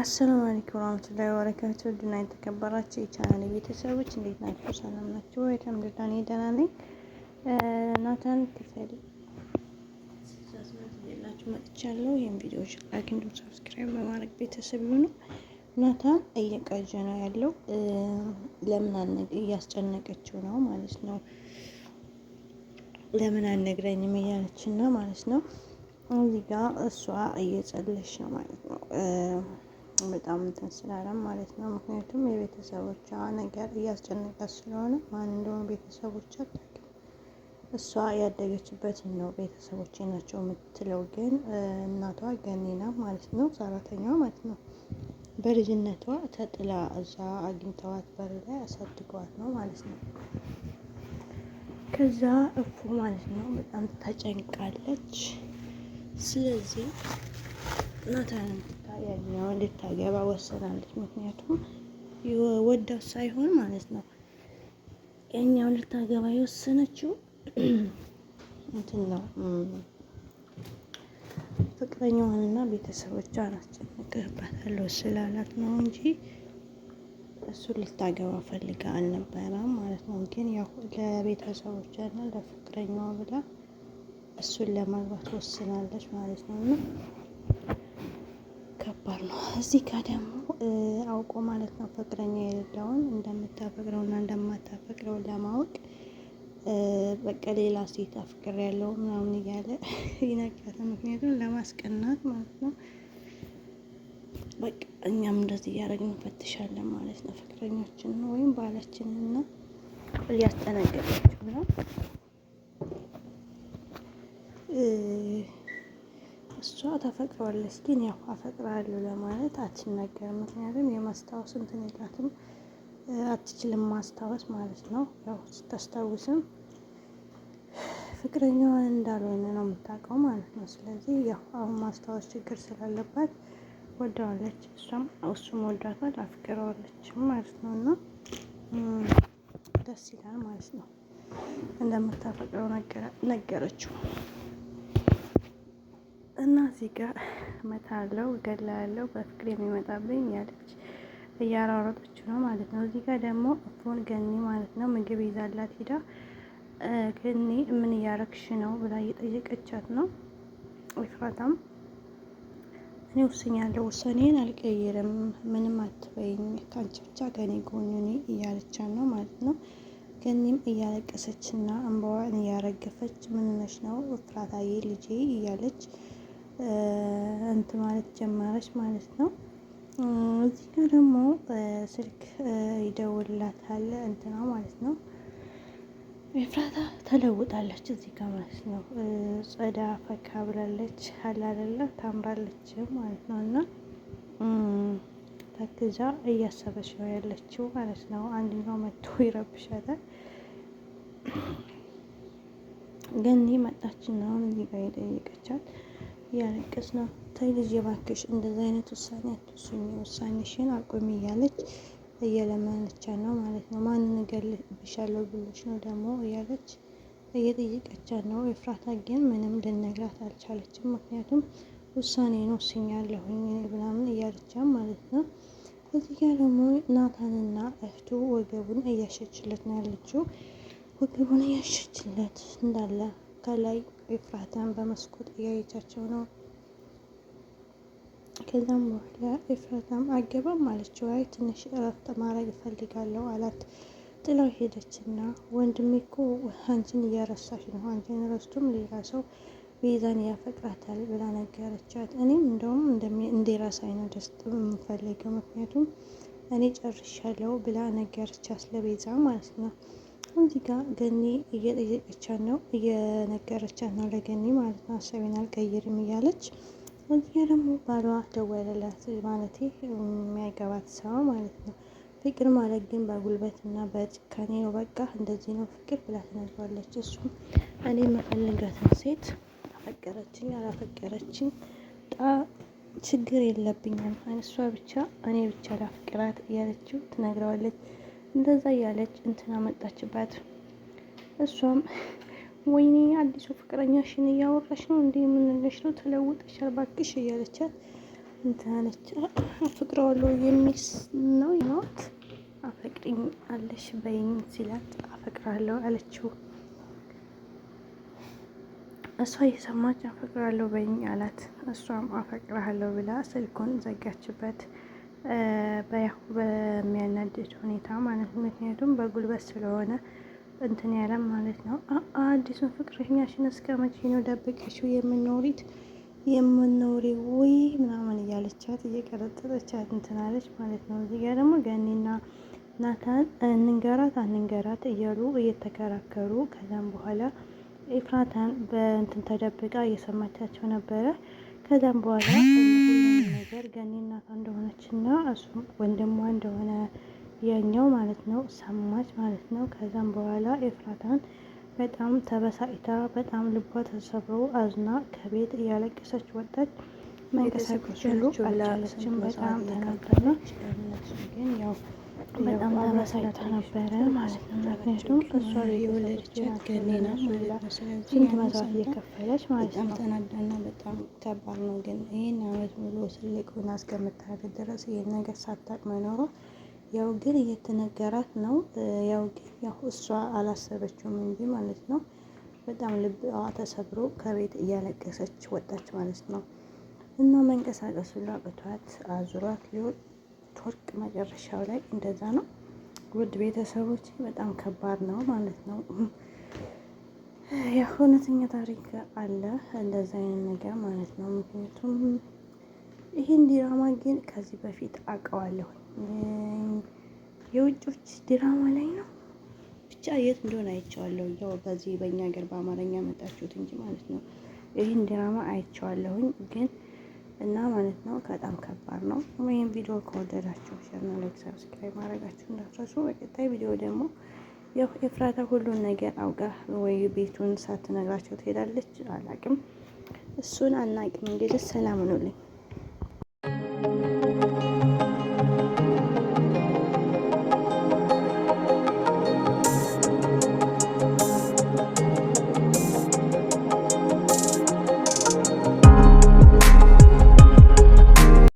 አሰላሙ አለይኩም ወራህመቱላሂ ወበረካቱ። ድና የተከበራችሁ የቻናል ቤተሰቦች እንዴት ናችሁ? ሰላም ናችሁ? የተምድዳን ደህና ነኝ። ናታን ክፍል ላችሁ መጥቻለሁ። ይህም ቪዲዮዎች ላኪንዶ ሰብስክራይብ በማድረግ ቤተሰብ ይሁኑ። ናታን እየቀጀ ነው ያለው። ለምን እያስጨነቀችው ነው ማለት ነው። ለምን አልነግረኝም እያለችን ነው ማለት ነው። እዚህ ጋ እሷ እየጸለች ነው ማለት ነው። በጣም እንትን ስላለም ማለት ነው። ምክንያቱም የቤተሰቦቿ ነገር እያስጨነቀች ስለሆነ ማን እንደሆነ ቤተሰቦች አታውቅም። እሷ ያደገችበት ነው ቤተሰቦቼ ናቸው የምትለው ግን እናቷ ገኒና ማለት ነው፣ ሰራተኛዋ ማለት ነው። በልጅነቷ ተጥላ እዛ አግኝተዋት በር ላይ አሳድገዋት ነው ማለት ነው። ከዛ እፎ ማለት ነው በጣም ተጨንቃለች። ስለዚህ ናታንም ያኛውን ልታገባ ወሰናለች። ምክንያቱም ወዳው ሳይሆን ማለት ነው ያኛውን ልታገባ የወሰነችው እንትን ነው ፍቅረኛዋንና ቤተሰቦቿን አስጨንቅባታለሁ ስላላት ነው እንጂ እሱን ልታገባ ፈልጋ አልነበረም ማለት ነው። ግን ያው ለቤተሰቦቿና ለፍቅረኛዋ ብላ እሱን ለማግባት ወስናለች ማለት ነው እና ከባድ ነው። እዚህ ጋር ደግሞ አውቆ ማለት ነው ፍቅረኛ የሌለውን እና እንደማታፈቅረው ለማወቅ በቃ ሌላ ሴት አፍቅር ያለው ምናምን እያለ ይነግራታል። ምክንያቱም ለማስቀናት ማለት ነው። በቃ እኛም እንደዚህ እያደረግን እንፈትሻለን ማለት ነው ፍቅረኞችን ወይም እና ሊያስጠነቅቃችሁ ነው። እሷ ታፈቅረዋለች፣ ግን ያው አፈቅራለሁ ለማለት አትናገርም። ምክንያቱም የማስታወስ እንትን የላትም፣ አትችልም ማስታወስ ማለት ነው። ያው ስታስታውስም ፍቅረኛዋን እንዳልሆነ ነው የምታውቀው ማለት ነው። ስለዚህ ያው አሁን ማስታወስ ችግር ስላለባት ወዳዋለች፣ እሷም እሱም ወዳቷል፣ አፍቅረዋለች ማለት ነው። እና ደስ ይላል ማለት ነው። እንደምታፈቅረው ነገረችው። እና እዚህ ጋር መታለው እገላለሁ በፍቅር የሚመጣብኝ ያለች እያሯሯጠች ነው ማለት ነው። እዚህ ጋር ደግሞ እፎን ገኒ ማለት ነው ምግብ ይዛላት ሂዳ ገኒ ምን እያረግሽ ነው ብላ እየጠየቀቻት ነው። ኤፍራታም እኔ ወስኛለሁ፣ ውሳኔን አልቀይርም፣ ምንም አትበይኝ፣ ከአንቺ ብቻ ከኔ ጎን ሁኚ እያለቻት ነው ማለት ነው። ገኒም እያለቀሰች እና እንባዋን እያረገፈች ምንነሽ ነው ፍራታዬ ልጄ እያለች እንት ማለት ጀመረች ማለት ነው። እዚህ ጋር ደግሞ ስልክ ይደውልላታል እንትና ማለት ነው። ኤፍራታ ተለውጣለች እዚህ ጋር ማለት ነው። ጸዳ ፈካ ብላለች አላለላ ታምራለች ማለት ነው። እና ተክዛ እያሰበች ነው ያለችው ማለት ነው። አንደኛው መጥቶ ይረብሻታል። ግን ይህ መጣችን አሁን እዚህ ጋር የጠየቀቻት እያለቀስ ነው ተይ ልጅ የባክሽ እንደዚ አይነት ውሳኔ አትወስኝ፣ ውሳኔሽን አቁሚ እያለች እየለመነቻ ነው ማለት ነው። ማን ነገር ልብሻለሁ ብሎች ነው ደግሞ እያለች እየጠየቀቻ ነው። ኤፍራታ ግን ምንም ልነግራት አልቻለችም። ምክንያቱም ውሳኔን ወስኛለሁኝ ምናምን እያለቻ ማለት ነው። እዚህ ጋር ደግሞ ናታንና እህቱ ወገቡን እያሸችለት ነው ያለችው። ወገቡን እያሸችለት እንዳለ ከላይ ኤፍራታን በመስኮት እያየቻቸው ነው። ከዛም በኋላ ኤፍራታም አገባም አለችው። አይ ትንሽ እረፍት ማድረግ እፈልጋለሁ አላት። ጥለው እና ወንድሜ እኮ አንቺን እያረሳች ነው፣ አንቺን ረስቶም ሌላ ሰው ቤዛን ያፈቅራታል ብላ ነገረቻት። እኔም እንደውም እንዲረሳኝ ነው ደስ የምፈልገው ምክንያቱም እኔ ጨርሻለሁ ብላ ነገረቻት ለቤዛ ማለት ነው። እዚህ ጋ ገኒ እየጠየቀቻት ነው እየነገረቻት ነው ለገኒ ማለት ነው። ሀሳቤን አልቀይርም እያለች እዚህ ጋ ደግሞ ባሏ ደወለላት ማለት የሚያገባት ሰው ማለት ነው። ፍቅር ማለት ግን በጉልበት እና በጭካኔ ነው። በቃ እንደዚህ ነው ፍቅር ብላ ትነግሯለች። እሱም እኔ የምፈልጋትን ሴት አፈቀረችኝ አላፈቀረችኝ ጣ ችግር የለብኝም እሷ ብቻ እኔ ብቻ ላፍቅራት እያለችው ትነግረዋለች። እንደዛ እያለች እንትን አመጣችባት እሷም ወይኔ አዲሱ ፍቅረኛሽን እያወራሽ ነው እንዲህ የምንለሽ ነው ተለውጠሻል፣ እባክሽ እያለቻት እንትናለች። አፈቅረዋለሁ የሚል ነው ይኖት አፈቅሪኝ አለሽ በይኝ ሲላት አፈቅራለሁ አለችው። እሷ እየሰማች አፈቅራለሁ በይኝ አላት። እሷም አፈቅራለሁ ብላ ስልኩን ዘጋችበት። በያው በሚያናድድ ሁኔታ ማለት ነው። ምክንያቱም በጉልበት ስለሆነ እንትን ያለም ማለት ነው። አዲሱን ፍቅረኛሽን እስከ መቼ ነው ደብቀሽው የምኖሪት የምኖሪ ወይ ምናምን እያለቻት እየቀረጠረቻት እንትናለች ማለት ነው። እዚህ ጋር ደግሞ ገኔና ናታን እንንገራት አንንገራት እያሉ እየተከራከሩ ከዛም በኋላ ኤፍራታን በእንትን ተደብቃ እየሰማቻቸው ነበረ። ከዛም በኋላ ነገር ገኒ እናቷ እንደሆነች እና እሱም ወንድሟ እንደሆነ የኛው ማለት ነው ሰማች ማለት ነው። ከዛም በኋላ ኤፍራታን በጣም ተበሳጭታ በጣም ልቧ ተሰብሮ አዝና ከቤት እያለቀሰች ወጣች። መንቀሳቀስ ሁሉ አልቻለችም። በጣም ተናገረች። ግን ያው በጣም ተመሳሳይ ነበረ ማለት ነው። ምክንያቱም እሷ የወለደቻት ገሌ ናት ነው። ስለዚህ መስዋዕት እየከፈለች ማለት ነው። በጣም ተናዳና በጣም ከባድ ነው። ግን ይህን አመት ሙሉ ትልቅ ሆና እስከምታደርግ ድረስ ይህን ነገር ሳታቅ መኖሯ ያው ግን እየተነገራት ነው። ያው ግን ያው እሷ አላሰበችውም እንጂ ማለት ነው። በጣም ልብዋ ተሰብሮ ከቤት እያለቀሰች ወጣች ማለት ነው። እና መንቀሳቀሱ ላቅቷት አዙሯት ሊወጥ ወርቅ መጨረሻው ላይ እንደዛ ነው። ውድ ቤተሰቦች በጣም ከባድ ነው ማለት ነው። ያው እውነተኛ ታሪክ አለ እንደዛ አይነት ነገር ማለት ነው። ምክንያቱም ይህን ዲራማ ግን ከዚህ በፊት አውቀዋለሁ። የውጮች ዲራማ ላይ ነው ብቻ የት እንደሆነ አይቼዋለሁ። ያው በዚህ በእኛ ሀገር በአማርኛ መጣችሁት እንጂ ማለት ነው። ይህን ዲራማ አይቼዋለሁኝ ግን እና ማለት ነው በጣም ከባድ ነው። ይህም ቪዲዮ ከወደዳችሁ ሸርና ላይክ፣ ሰብስክራይብ ማድረጋችሁ እንዳትረሱ። በቀጣይ ቪዲዮ ደግሞ ያው ኤፍራታ ሁሉን ነገር አውቃ ወይ ቤቱን ሳትነግራቸው ትሄዳለች፣ አላቅም። እሱን አናቅም። እንግዲህ ሰላም ኑልኝ።